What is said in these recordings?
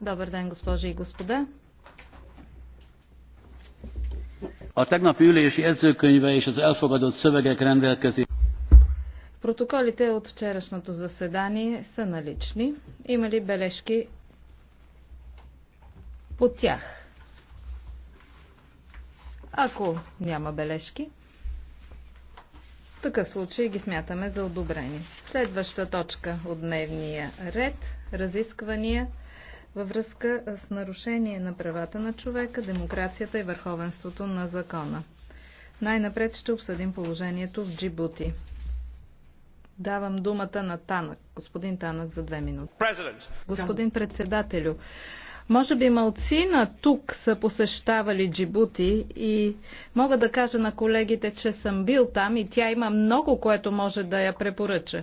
Добър ден, госпожи и господа. A tegnapi jegyzőkönyve és az elfogadott szövegek rendelkezik. Протоколите от вчерашното заседание са налични. Има ли бележки по тях? Ако няма бележки, в такъв случай ги смятаме за одобрени. Следваща точка от дневния ред – разисквания във връзка с нарушение на правата на човека, демокрацията и върховенството на закона. Най-напред ще обсъдим положението в Джибути. Давам думата на Танък. Господин Танък за две минути. Господин председателю, може би малцина тук са посещавали Джибути и мога да кажа на колегите, че съм бил там и тя има много, което може да я препоръча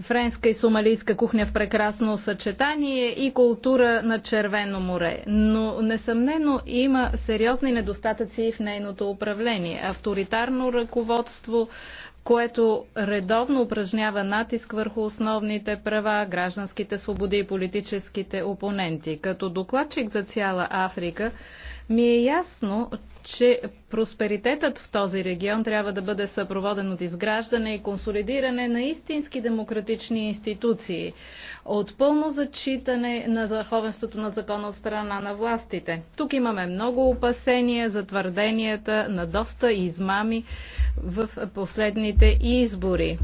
френска и сомалийска кухня в прекрасно съчетание и култура на Червено море. Но несъмнено има сериозни недостатъци в нейното управление. Авторитарно ръководство, което редовно упражнява натиск върху основните права, гражданските свободи и политическите опоненти. Като докладчик за цяла Африка, ми е ясно, че просперитетът в този регион трябва да бъде съпроводен от изграждане и консолидиране на истински демократични институции, от пълно зачитане на върховенството на закона от страна на властите. Тук имаме много опасения за твърденията на доста измами в последните избори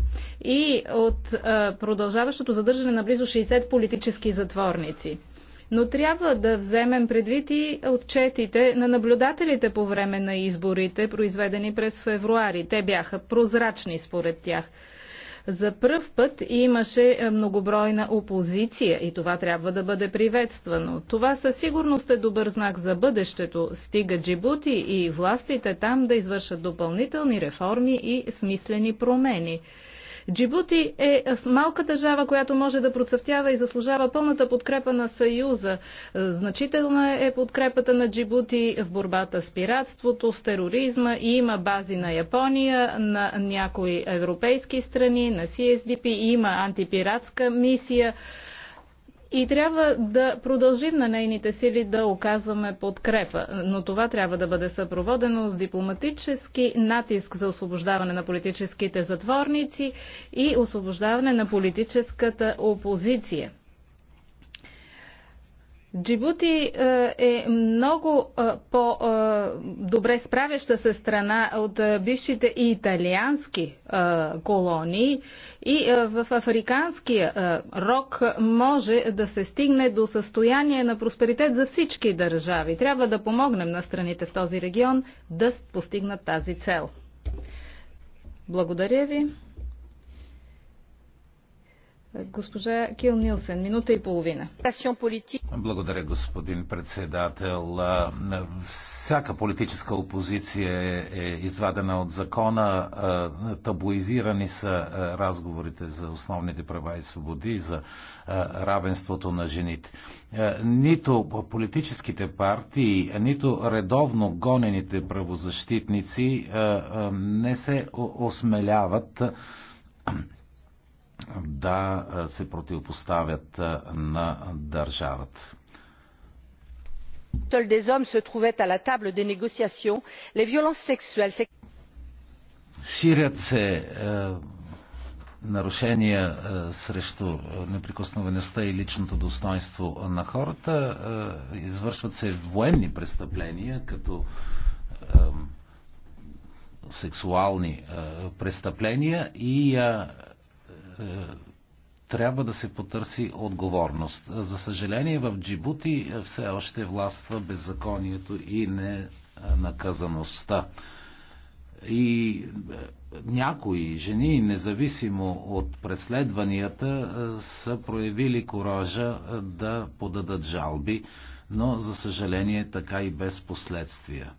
и от продължаващото задържане на близо 60 политически затворници но трябва да вземем предвид и отчетите на наблюдателите по време на изборите, произведени през февруари. Те бяха прозрачни според тях. За пръв път имаше е, многобройна опозиция и това трябва да бъде приветствано. Това със сигурност е добър знак за бъдещето. Стига Джибути и властите там да извършат допълнителни реформи и смислени промени. Джибути е малка държава, която може да процъфтява и заслужава пълната подкрепа на Съюза. Значителна е подкрепата на Джибути в борбата с пиратството, с тероризма и има бази на Япония, на някои европейски страни, на CSDP, има антипиратска мисия и трябва да продължим на нейните сили да оказваме подкрепа. Но това трябва да бъде съпроводено с дипломатически натиск за освобождаване на политическите затворници и освобождаване на политическата опозиция. Джибути е, е много е, по-добре е, справяща се страна от бившите и италиански колонии и в африканския рок може да се стигне до състояние на просперитет за всички държави. Трябва да помогнем на страните в този регион да постигнат тази цел. Благодаря ви. Госпожа Кил Нилсен, минута и половина. Благодаря, господин председател. Всяка политическа опозиция е, е извадена от закона. Табуизирани са разговорите за основните права и свободи, за равенството на жените. Нито политическите партии, нито редовно гонените правозащитници не се осмеляват да се противопоставят на държавата. des hommes se trouvaient à la table des négociations. Les violences sexuelles. Ширят се е, нарушения е, срещу неприкосновеността и личното достоинство на хората. Е, извършват се военни престъпления, като е, сексуални е, престъпления и е, е, трябва да се потърси отговорност. За съжаление в Джибути е, все още властва беззаконието и ненаказаността. И е, някои жени, независимо от преследванията, са проявили коража да подадат жалби, но за съжаление така и без последствия.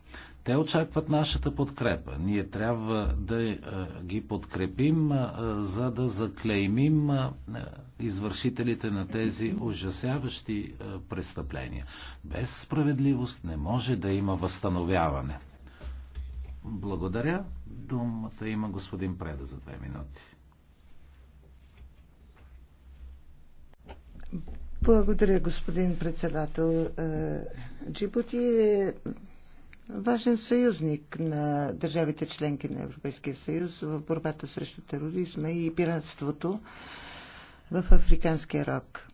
Те очакват нашата подкрепа. Ние трябва да е, ги подкрепим, е, за да заклеймим е, извършителите на тези ужасяващи престъпления. Без справедливост не може да има възстановяване. Благодаря. Думата има господин Преда за две минути. Благодаря, господин председател. Джибути е важен съюзник на държавите членки на Европейския съюз в борбата срещу тероризма и пиратството в Африканския рок.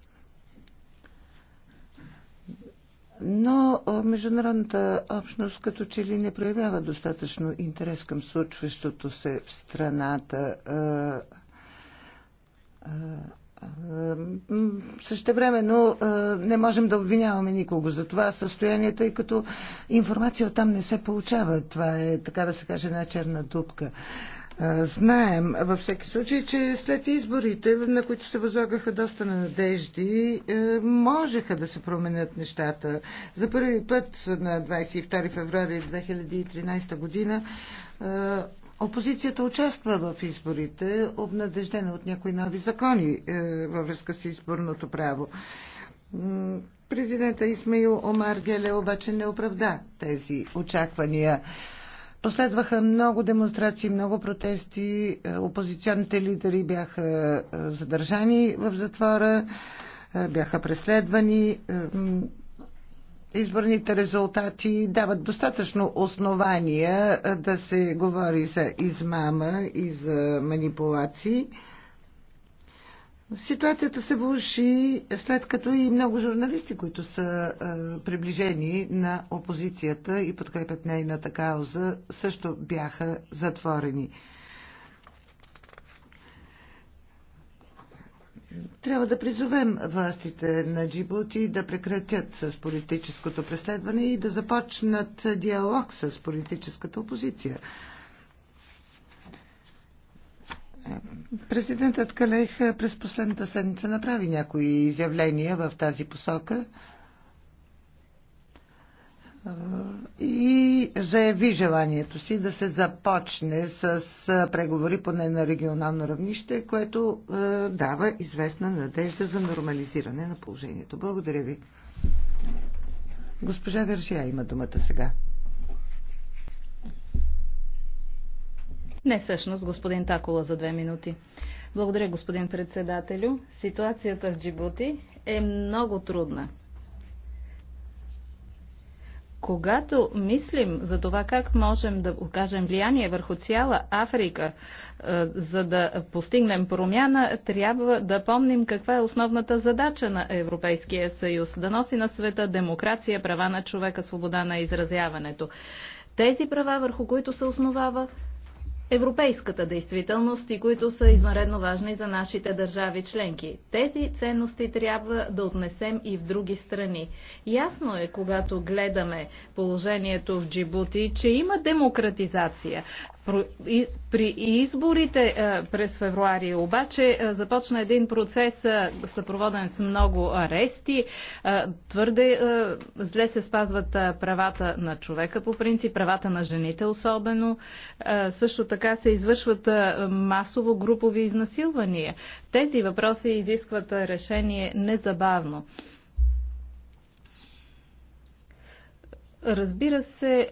Но международната общност като че ли не проявява достатъчно интерес към случващото се в страната но не можем да обвиняваме никого за това състояние, тъй като информация оттам не се получава. Това е, така да се каже, една черна дупка. Знаем във всеки случай, че след изборите, на които се възлагаха доста на надежди, можеха да се променят нещата. За първи път на 22 феврари 2013 година Опозицията участва в изборите, обнадеждена от някои нови закони е, във връзка с изборното право. Президента Исмаил Омар Геле обаче не оправда тези очаквания. Последваха много демонстрации, много протести. Е, опозиционните лидери бяха е, задържани в затвора, бяха преследвани изборните резултати дават достатъчно основания да се говори за измама и за манипулации. Ситуацията се влуши след като и много журналисти, които са а, приближени на опозицията и подкрепят нейната кауза, също бяха затворени. Трябва да призовем властите на Джибути да прекратят с политическото преследване и да започнат диалог с политическата опозиция. Президентът Калех през последната седмица направи някои изявления в тази посока и заяви желанието си да се започне с преговори поне на регионално равнище, което дава известна надежда за нормализиране на положението. Благодаря ви. Госпожа Гържия, има думата сега. Не, всъщност, господин Такола за две минути. Благодаря, господин председателю. Ситуацията в Джибути е много трудна. Когато мислим за това как можем да окажем влияние върху цяла Африка, е, за да постигнем промяна, трябва да помним каква е основната задача на Европейския съюз да носи на света демокрация, права на човека, свобода на изразяването. Тези права, върху които се основава европейската действителност и които са извънредно важни за нашите държави членки. Тези ценности трябва да отнесем и в други страни. Ясно е, когато гледаме положението в Джибути, че има демократизация. При изборите е, през февруари обаче е, започна един процес, е, съпроводен с много арести. Твърде зле се спазват правата на човека по принцип, правата на жените особено. Също така се извършват масово групови изнасилвания. Тези въпроси изискват решение незабавно. Разбира се,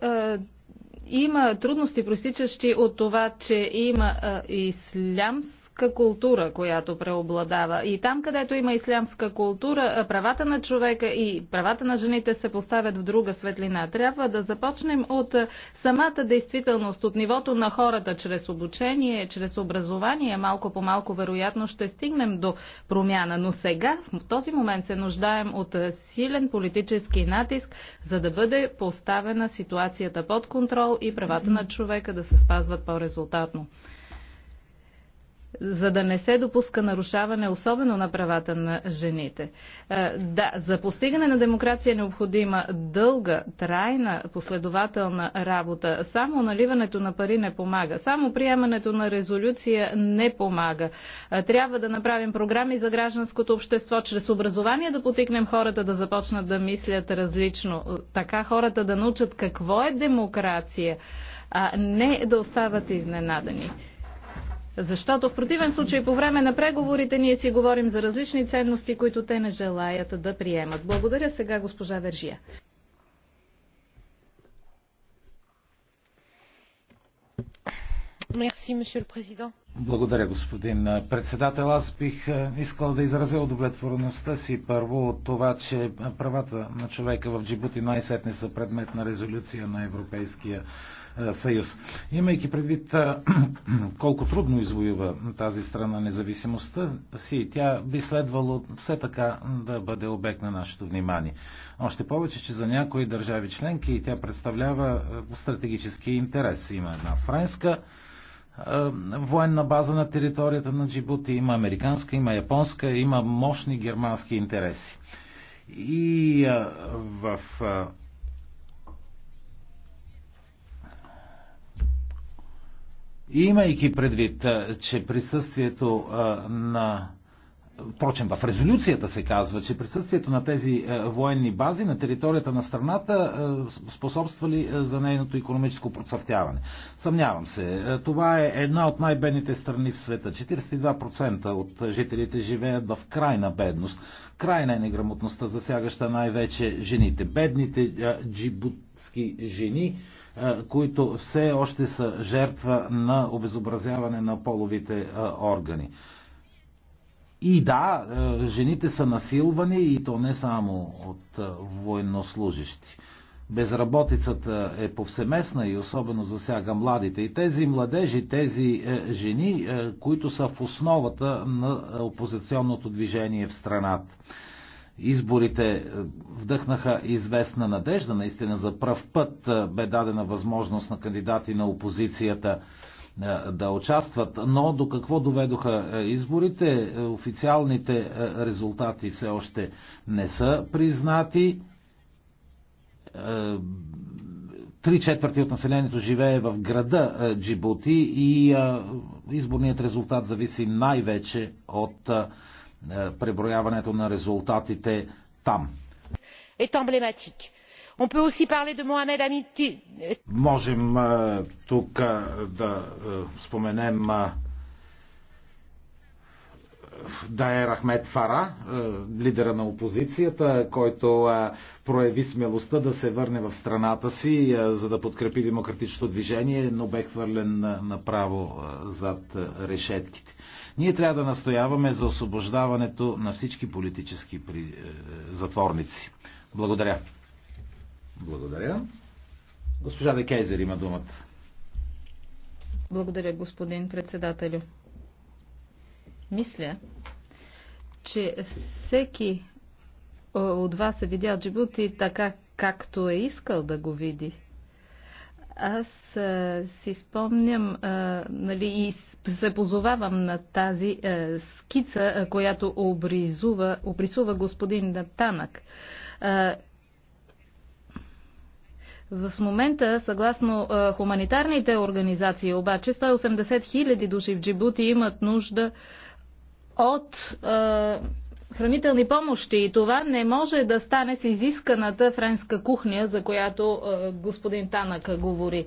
има трудности, проистичащи от това, че има ислямс ислямска култура, която преобладава. И там, където има ислямска култура, правата на човека и правата на жените се поставят в друга светлина. Трябва да започнем от самата действителност, от нивото на хората, чрез обучение, чрез образование. Малко по малко, вероятно, ще стигнем до промяна. Но сега, в този момент, се нуждаем от силен политически натиск, за да бъде поставена ситуацията под контрол и правата на човека да се спазват по-резултатно за да не се допуска нарушаване, особено на правата на жените. Е, да, за постигане на демокрация е необходима дълга, трайна, последователна работа. Само наливането на пари не помага. Само приемането на резолюция не помага. Е, трябва да направим програми за гражданското общество, чрез образование да потикнем хората да започнат да мислят различно. Е, така хората да научат какво е демокрация, а не да остават изненадани. Защото в противен случай по време на преговорите ние си говорим за различни ценности, които те не желаят да приемат. Благодаря сега госпожа Вержия. Благодаря, господин председател. Аз бих е, искал да изразя удовлетвореността си първо от това, че правата на човека в Джибути най-сетне са предмет на резолюция на Европейския е, съюз. Имайки предвид е, колко трудно извоюва тази страна независимостта си, тя би следвало все така да бъде обект на нашето внимание. Още повече, че за някои държави членки тя представлява стратегически интерес. Има една френска военна база на територията на Джибути, има американска, има японска, има мощни германски интереси. И а, в. А, имайки предвид, а, че присъствието а, на Впрочем, в резолюцията се казва, че присъствието на тези е, военни бази на територията на страната е, способствали е, за нейното економическо процъфтяване. Съмнявам се. Това е една от най-бедните страни в света. 42% от жителите живеят в крайна бедност. Крайна е неграмотността, засягаща най-вече жените. Бедните джибутски жени които все още са жертва на обезобразяване на половите органи. И да, е, жените са насилвани и то не само от е, военнослужащи. Безработицата е повсеместна и особено засяга младите. И тези младежи, тези е, жени, които са в основата на опозиционното движение в страната. Изборите вдъхнаха известна надежда, наистина за пръв път бе дадена възможност на кандидати на опозицията е, да участват. Но до какво доведоха е, изборите? Е, официалните резултати все още не са признати. Три четвърти от населението живее в града Джибути и изборният резултат зависи най-вече от преброяването на резултатите там. Е емблематик On peut aussi parler de Mohamed Amiti. Можем тук да споменем Дайер Ахмед Фара, лидера на опозицията, който прояви смелостта да се върне в страната си, за да подкрепи демократичното движение, но бе хвърлен направо зад решетките. Ние трябва да настояваме за освобождаването на всички политически затворници. Благодаря. Благодаря. Госпожа Декейзер има думата. Благодаря, господин председателю. Мисля, че всеки от вас е видял Джибути така, както е искал да го види. Аз а, си спомням а, нали, и се позовавам на тази а, скица, а, която обрисува, господин Натанък. А, в момента, съгласно а, хуманитарните организации, обаче 180 хиляди души в Джибути имат нужда от а, хранителни помощи и това не може да стане с изисканата френска кухня, за която а, господин Танък говори.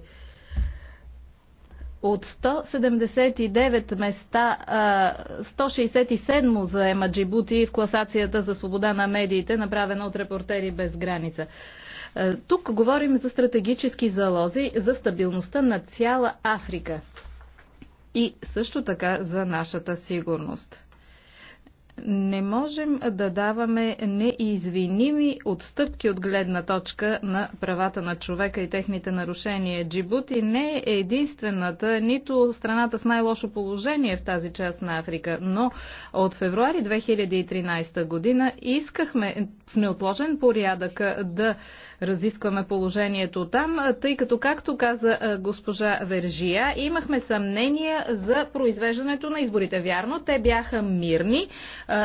От 179 места, 167 заема Джибути в класацията за свобода на медиите, направена от репортери без граница. Е, тук говорим за стратегически залози за стабилността на цяла Африка и също така за нашата сигурност. Не можем да даваме неизвиними отстъпки от гледна точка на правата на човека и техните нарушения. Джибути не е единствената, нито страната с най-лошо положение в тази част на Африка, но от февруари 2013 година искахме в неотложен порядък да разискваме положението там, тъй като, както каза госпожа Вержия, имахме съмнения за произвеждането на изборите. Вярно, те бяха мирни,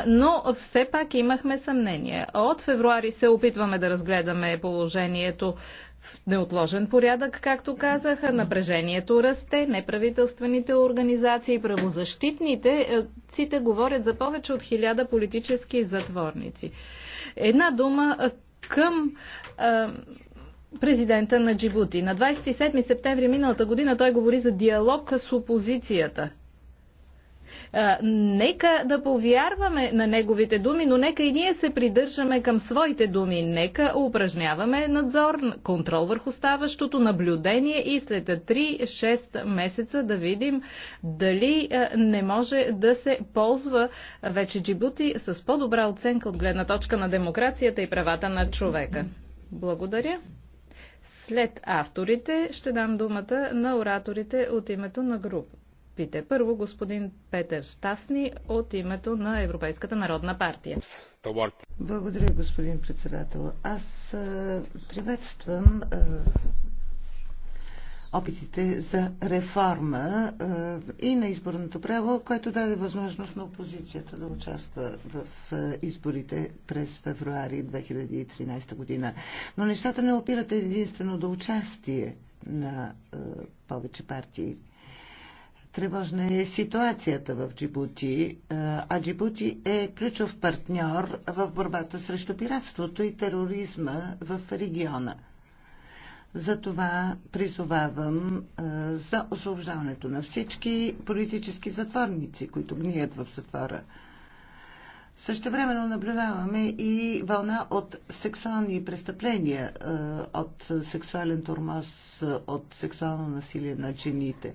но все пак имахме съмнение. От февруари се опитваме да разгледаме положението в неотложен порядък, както казаха, напрежението расте, неправителствените организации правозащитните е, ците говорят за повече от хиляда политически затворници. Една дума към президента на Джибути. На 27 септември миналата година той говори за диалог с опозицията – Нека да повярваме на неговите думи, но нека и ние се придържаме към своите думи. Нека упражняваме надзор, контрол върху ставащото, наблюдение и след 3-6 месеца да видим дали не може да се ползва вече Джибути с по-добра оценка от гледна точка на демокрацията и правата на човека. Благодаря. След авторите ще дам думата на ораторите от името на групата. Пите, Първо господин Петър Стасни от името на Европейската народна партия. Благодаря, господин председател. Аз приветствам опитите за реформа и на изборното право, което даде възможност на опозицията да участва в изборите през февруари 2013 година. Но нещата не опират единствено до участие на повече партии. Тревожна е ситуацията в Джибути, а Джибути е ключов партньор в борбата срещу пиратството и тероризма в региона. Затова призовавам за освобождаването на всички политически затворници, които гният в затвора. Също времено наблюдаваме и вълна от сексуални престъпления, от сексуален тормоз, от сексуално насилие на жените.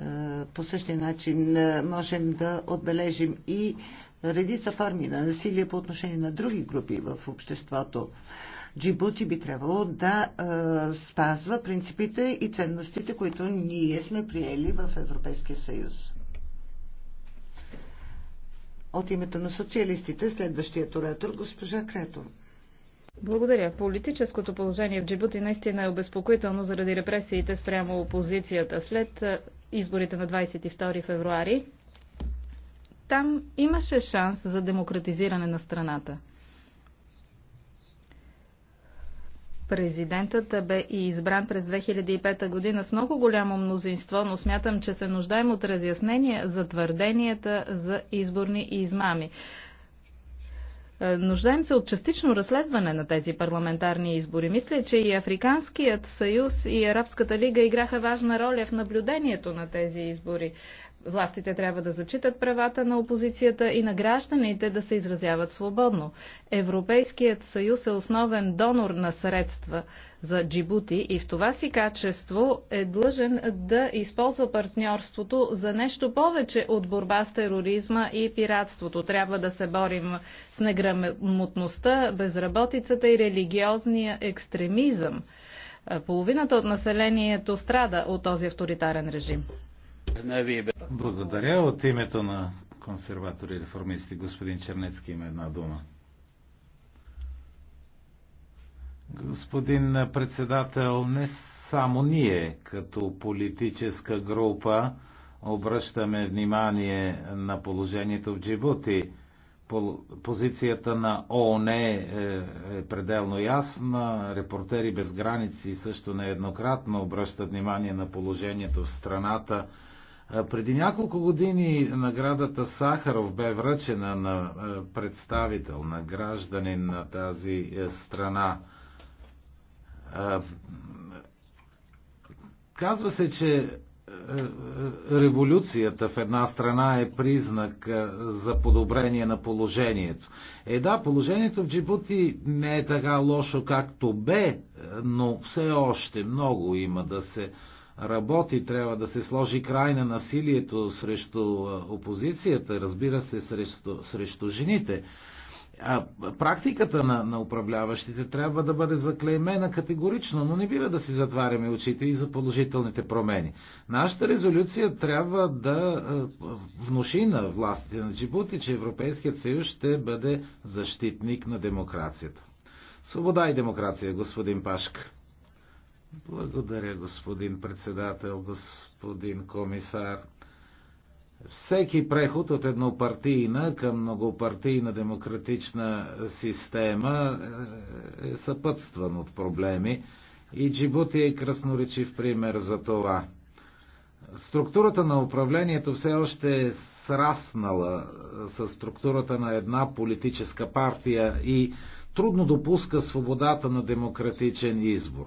Е, по същия начин е, можем да отбележим и редица форми на насилие по отношение на други групи в обществото. Джибути би трябвало да е, спазва принципите и ценностите, които ние сме приели в Европейския съюз. От името на социалистите, следващият оратор, госпожа Крето. Благодаря. Политическото положение в Джибути наистина е обезпокоително заради репресиите спрямо опозицията. След е, изборите на 22 февруари, там имаше шанс за демократизиране на страната. Президентът бе и избран през 2005 година с много голямо мнозинство, но смятам, че се нуждаем от разяснения за твърденията за изборни измами. Е, нуждаем се от частично разследване на тези парламентарни избори. Мисля, че и Африканският съюз и Арабската лига играха важна роля в наблюдението на тези избори. Властите трябва да зачитат правата на опозицията и на гражданите да се изразяват свободно. Европейският съюз е основен донор на средства за Джибути и в това си качество е длъжен да използва партньорството за нещо повече от борба с тероризма и пиратството. Трябва да се борим с неграмотността, безработицата и религиозния екстремизъм. Половината от населението страда от този авторитарен режим. Благодаря. От името на консерватори и реформисти, господин Чернецки има една дума. Господин председател, не само ние като политическа група обръщаме внимание на положението в Джибути. Позицията на ООН е, е пределно ясна. Репортери без граници също нееднократно обръщат внимание на положението в страната. Преди няколко години наградата Сахаров бе връчена на представител, на гражданин на тази е, страна. Казва се, че е, е, революцията в една страна е признак за подобрение на положението. Е да, положението в Джибути не е така лошо както бе, но все още много има да се работи, трябва да се сложи край на насилието срещу опозицията, разбира се, срещу, срещу жените. А практиката на, на управляващите трябва да бъде заклеймена категорично, но не бива да си затваряме очите и за положителните промени. Нашата резолюция трябва да внуши на властите на Джибути, че Европейският съюз ще бъде защитник на демокрацията. Свобода и демокрация, господин Пашка. Благодаря, господин председател, господин комисар. Всеки преход от еднопартийна към многопартийна демократична система е, е съпътстван от проблеми и Джибути е красноречив пример за това. Структурата на управлението все още е сраснала е, с структурата на една политическа партия и трудно допуска свободата на демократичен избор.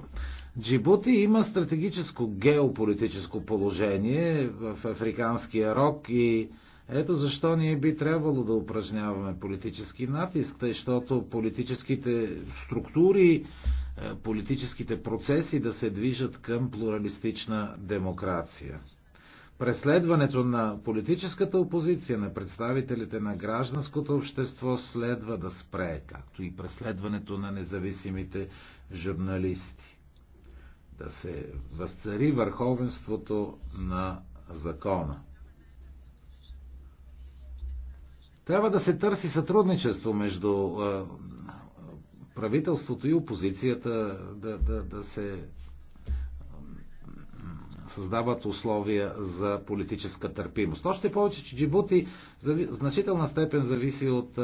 Джибути има стратегическо геополитическо положение в Африканския рок и ето защо ние би трябвало да упражняваме политически натиск, тъй защото политическите структури, е, политическите процеси да се движат към плуралистична демокрация. Преследването на политическата опозиция, на представителите на гражданското общество следва да спре, както и преследването на независимите журналисти да се възцари върховенството на закона. Трябва да се търси сътрудничество между правителството и опозицията, да, да, да се създават условия за политическа търпимост. Още повече, че Джибути в значителна степен зависи от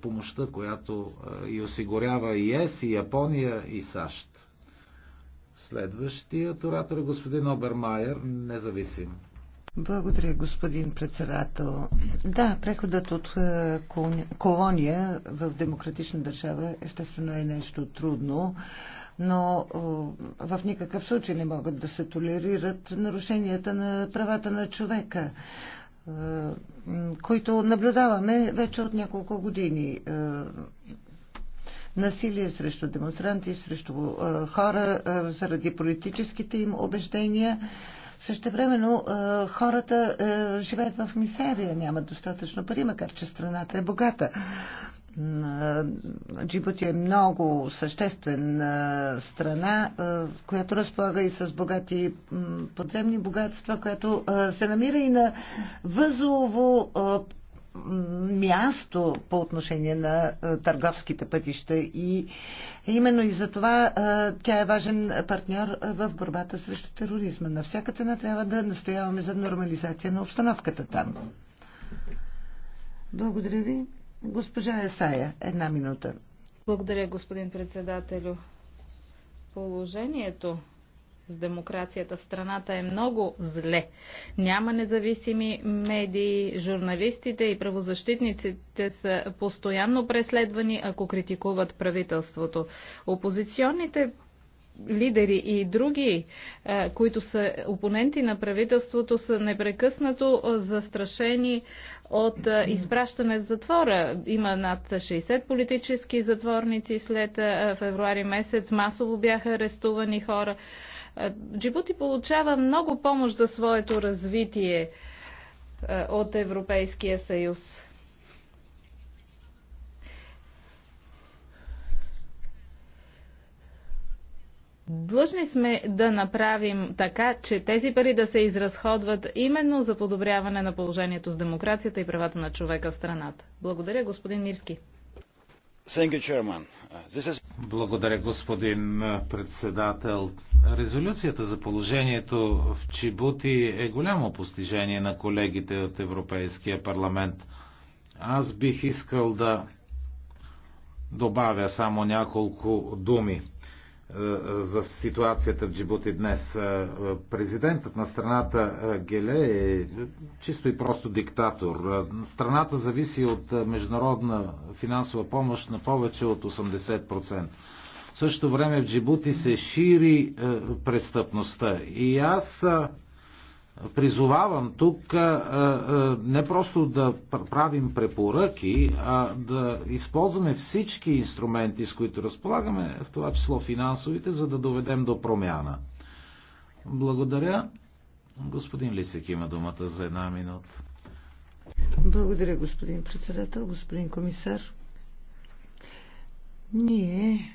помощта, която и осигурява и ЕС, и Япония, и САЩ. Следващият оратор е господин Обермайер, независим. Благодаря, господин председател. Да, преходът от е, колония в демократична държава естествено е нещо трудно, но е, в никакъв случай не могат да се толерират нарушенията на правата на човека е, които наблюдаваме вече от няколко години насилие срещу демонстранти, срещу е, хора е, заради политическите им убеждения. Същевременно е, хората живеят в мисерия, нямат достатъчно пари, макар че страната е богата. Джибути е много съществена страна, която разполага и с богати подземни богатства, която се намира и на възлово място по отношение на е, търговските пътища и именно и за това е, тя е важен партньор е, в борбата срещу тероризма. На всяка цена трябва да настояваме за нормализация на обстановката там. Благодаря ви. Госпожа Есая, една минута. Благодаря, господин председателю. Положението с демокрацията в страната е много зле. Няма независими медии, журналистите и правозащитниците са постоянно преследвани, ако критикуват правителството. Опозиционните лидери и други, е, които са опоненти на правителството, са непрекъснато е, застрашени от е, изпращане в затвора. Има над 60 политически затворници след февруари месец. Масово бяха арестувани хора. Джибути получава много помощ за своето развитие е, от Европейския съюз. Длъжни сме да направим така, че тези пари да се изразходват именно за подобряване на положението с демокрацията и правата на човека в страната. Благодаря, господин Мирски. Thank you, благодаря, господин председател. Резолюцията за положението в Чибути е голямо постижение на колегите от Европейския парламент. Аз бих искал да добавя само няколко думи. Е, за ситуацията в Джибути днес. Е, президентът на страната е, Геле е чисто и просто диктатор. Страната зависи от международна финансова помощ на повече от 80%. В същото време в Джибути се шири престъпността. И аз призовавам тук не просто да правим препоръки, а да използваме всички инструменти, с които разполагаме, в това число финансовите, за да доведем до промяна. Благодаря. Господин Лисек има думата за една минута. Благодаря, господин председател, господин комисар. Ние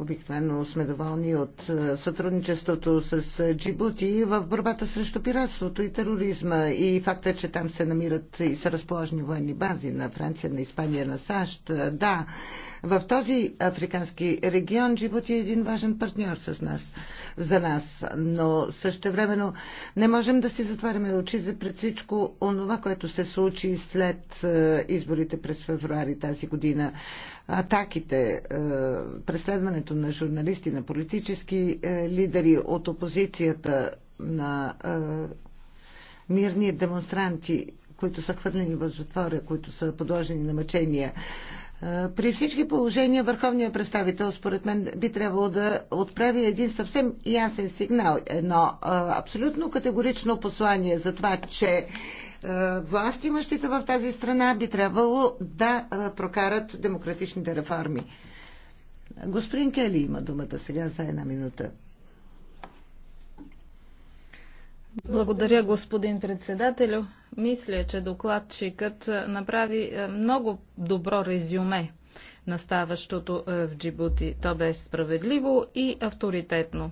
Обикновено сме доволни от е, сътрудничеството с е, Джибути в борбата срещу пиратството и тероризма и факта, че там се намират и са разположени военни бази на Франция, на Испания, на САЩ. Е, да, в този африкански регион Джибути е един важен партньор с нас, за нас, но също времено не можем да си затваряме очите пред всичко онова, което се случи след изборите през февруари тази година. Атаките, преследването изслушването на журналисти, на политически е, лидери от опозицията, на е, мирни демонстранти, които са хвърлени в затвора, които са подложени на мъчения. Е, при всички положения върховният представител, според мен, би трябвало да отправи един съвсем ясен сигнал, едно абсолютно категорично послание за това, че властимащите в тази страна би трябвало да прокарат демократичните реформи. Господин Кели има думата сега за една минута. Благодаря, господин председателю. Мисля, че докладчикът направи е, много добро резюме на ставащото е, в Джибути. То беше справедливо и авторитетно.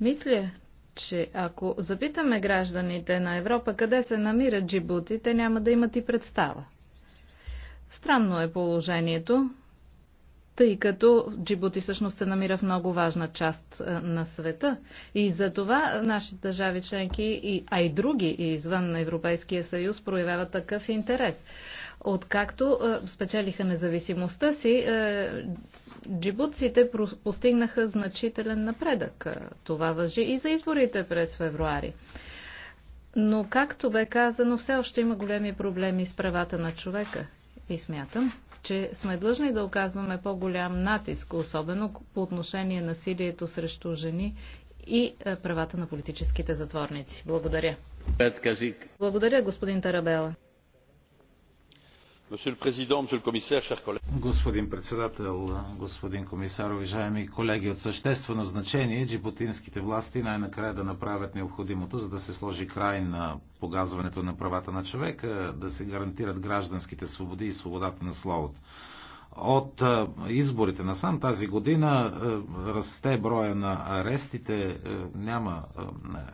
Мисля, че ако запитаме гражданите на Европа къде се намират Джибути, те няма да имат и представа. Странно е положението тъй като Джибути всъщност се намира в много важна част е, на света. И за това нашите държави членки, а и други извън Европейския съюз, проявяват такъв интерес. Откакто е, спечелиха независимостта си, е, джибутците постигнаха значителен напредък. Това въжи и за изборите през февруари. Но, както бе казано, все още има големи проблеми с правата на човека. И смятам, че сме длъжни да оказваме по-голям натиск, особено по отношение на насилието срещу жени и е, правата на политическите затворници. Благодаря. Благодаря, господин Тарабела. Господин председател, господин комисар, уважаеми колеги, от съществено значение джибутинските е, власти най-накрая да направят необходимото, за да се сложи край на погазването на правата на човека, да се гарантират гражданските свободи и свободата на словото. От изборите на сам тази година расте броя на арестите, е, няма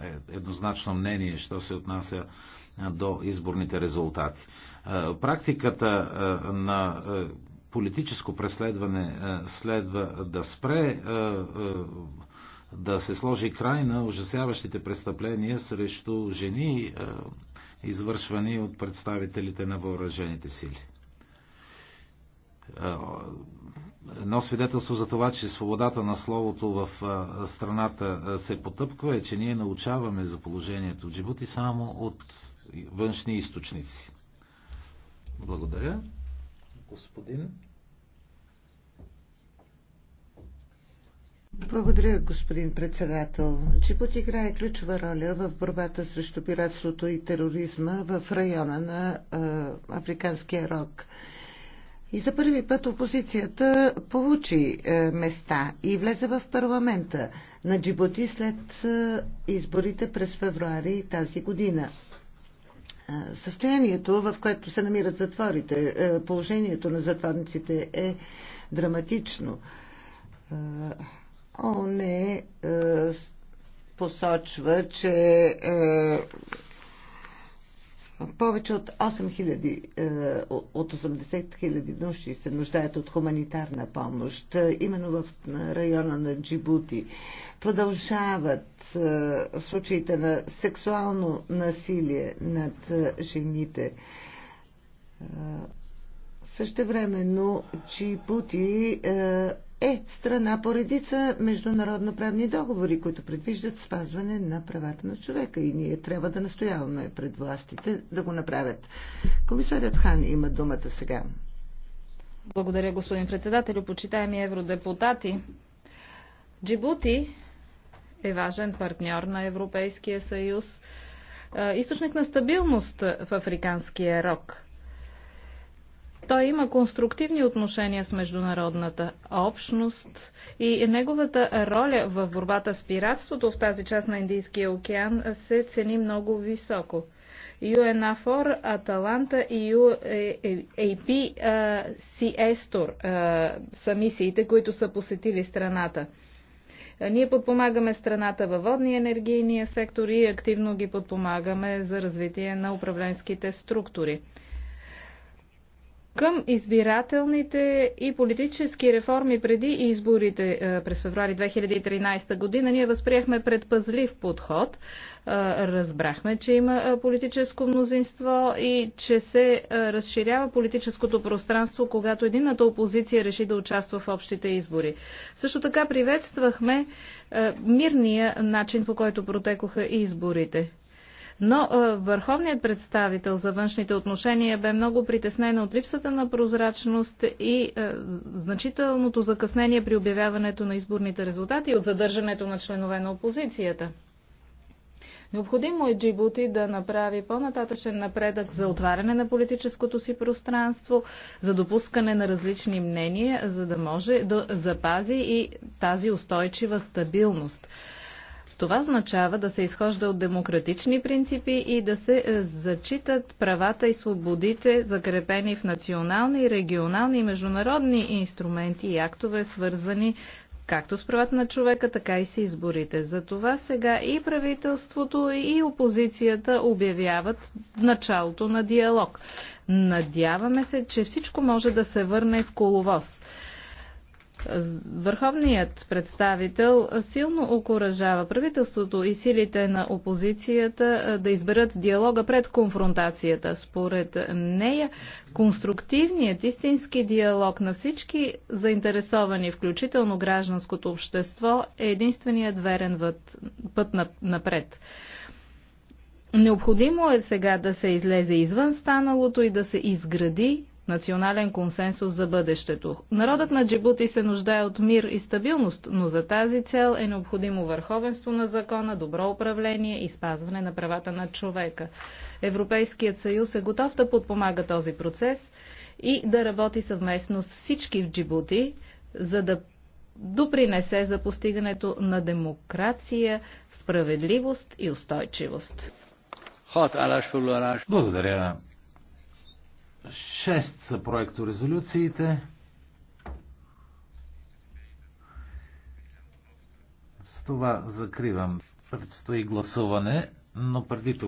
е, еднозначно мнение, що се отнася до изборните резултати. Е, практиката е, на е, политическо преследване следва да спре, да се сложи край на ужасяващите престъпления срещу жени, извършвани от представителите на въоръжените сили едно свидетелство за това, че свободата на словото в страната се потъпква е, че ние научаваме за положението в Джибути само от външни източници. Благодаря. Господин. Благодаря, господин председател. Чипот играе ключова роля в борбата срещу пиратството и тероризма в района на а, Африканския рог. И за първи път опозицията получи е, места и влезе в парламента на Джибути след е, изборите през февруари тази година. Състоянието, в което се намират затворите, е, положението на затворниците е драматично. Е, ОНЕ посочва, че е, повече от 8000, е, от 80 000 души се нуждаят от хуманитарна помощ. Е, именно в района на Джибути продължават е, случаите на сексуално насилие над жените. Също времено Джибути е страна по редица правни договори, които предвиждат спазване на правата на човека и ние трябва да настояваме пред властите да го направят. Комисарят Хан има думата сега. Благодаря, господин председател, Почитаеми евродепутати, Джибути е важен партньор на Европейския съюз, е, източник на стабилност в Африканския рок – той има конструктивни отношения с международната общност и неговата роля в борбата с пиратството в тази част на Индийския океан се цени много високо. UNAFOR, Аталанта и UAP Сиестор са мисиите, които са посетили страната. Ние подпомагаме страната във водни енергийния сектор и активно ги подпомагаме за развитие на управленските структури към избирателните и политически реформи преди изборите е, през феврари 2013 година ние възприехме предпазлив подход. Е, разбрахме, че има е, политическо мнозинство и че се разширява политическото пространство, когато едината опозиция реши да участва в общите избори. Също така приветствахме мирния начин, по който протекоха изборите. Но е, върховният представител за външните отношения бе много притеснен от липсата на прозрачност и е, значителното закъснение при обявяването на изборните резултати от задържането на членове на опозицията. Необходимо е Джибути да направи по-нататъчен напредък за отваряне на политическото си пространство, за допускане на различни мнения, за да може да запази и тази устойчива стабилност. Това означава да се изхожда от демократични принципи и да се е, зачитат правата и свободите, закрепени в национални, регионални и международни инструменти и актове, свързани както с правата на човека, така и с изборите. За това сега и правителството, и опозицията обявяват началото на диалог. Надяваме се, че всичко може да се върне в коловоз. Върховният представител силно окоръжава правителството и силите на опозицията да изберат диалога пред конфронтацията. Според нея, конструктивният истински диалог на всички заинтересовани, включително гражданското общество, е единственият верен път напред. Необходимо е сега да се излезе извън станалото и да се изгради национален консенсус за бъдещето. Народът на Джибути се нуждае от мир и стабилност, но за тази цел е необходимо върховенство на закона, добро управление и спазване на правата на човека. Европейският съюз е готов да подпомага този процес и да работи съвместно с всички в Джибути, за да допринесе за постигането на демокрация, справедливост и устойчивост. Благодаря Шест са проекторезолюциите. С това закривам. Предстои гласуване, но преди това